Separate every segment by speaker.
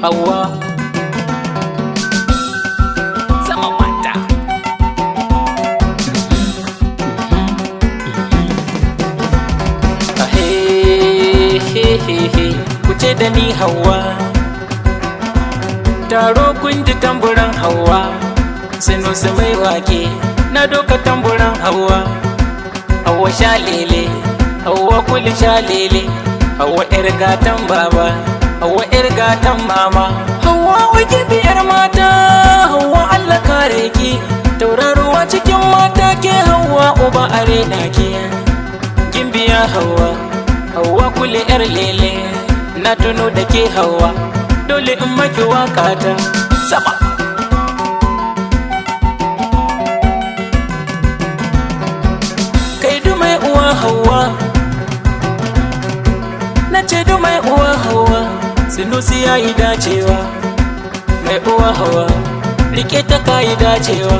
Speaker 1: hawa Sama ah, Kuce da ni hawa Taro kun tamburan hawa Sinu su mai wake Na doka tamburan hawa Hawa sha lele Hawa kuli sha lele Hawa 'yar baba hawa irga gatan mama hawa wiki biyar mata hawa allah kare ki tauraruwa cikin mata ke hawa uba arena ki kin biya hawa hawa kule yar lele na tunu da ke hawa dole in maki waka ta sama kai uwa hawa na ce mai uwa hawa Sinusi ya yi dacewa mai uwa hawa rike ta ka yi dacewa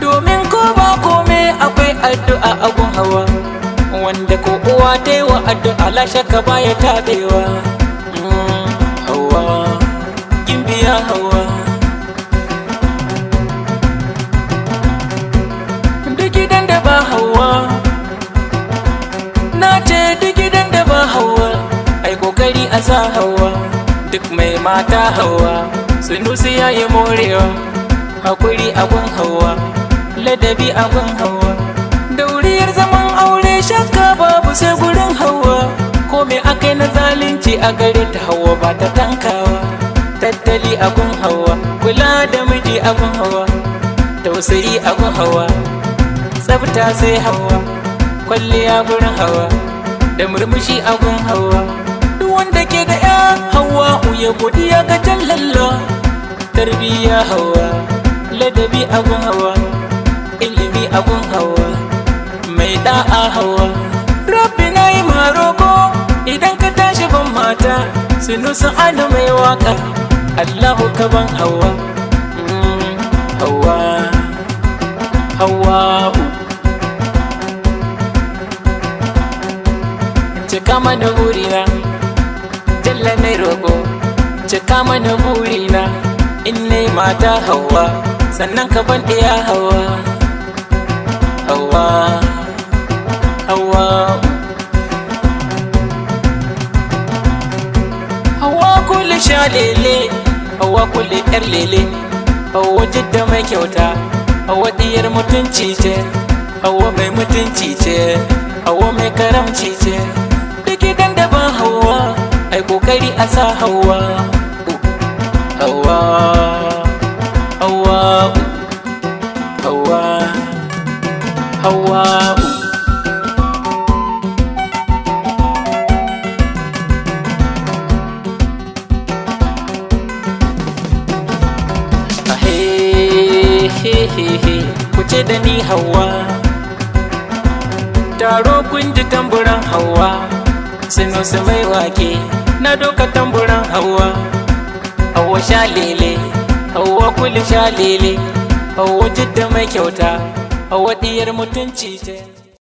Speaker 1: domin ko ba kome akwai addu'a abun hawa wanda ko uwa ta yi wa addu'a lashaka baya taɓewa mm, hawa gimbiya hawa gidan da ba hawa na ce duk gidan da ba hawa ai kokari a sa hawa duk mai mata hawa sunusi ya yi morewa hakuri abun hawa ladabi abun hawa dauriyar zaman aure shakka babu sai gurin hawa ko me yi na zalunci a gare ta hawa ba ta tankawa tattali abun hawa kula da miji abun hawa tausayi abun hawa tsafta sai hawa kwalliya gurin hawa da murmushi abun hawa ya godiya ga tallalla tarbiya hawa ladabi abun hawa ilimi abun hawa mai da'a hawa rabbi na yi maroko idan ka tashi ban mata sinu ana mai waka allahu ka ban hawa hawa hawa cika mana burina jalla mai roƙo cika mana burina in ne mata hawa sannan ka ban ɗaya hawa hawa hawa hawa kulle sha lele hawa kulle yar lele hawa jidda mai kyauta hawa ɗiyar mutunci ce hawa mai mutunci ce hawa mai karamci ce duk gidan da ban hawa ai kokari a sa hawa hawa hawa hawa hawa Kuce da ni hawa Taro kun ji tamburan hawa Sinu su mai wake Na doka tamburan hawa sha lele hawa kuli sha lele hawa jidda mai kyauta hawa diyar mutunci ce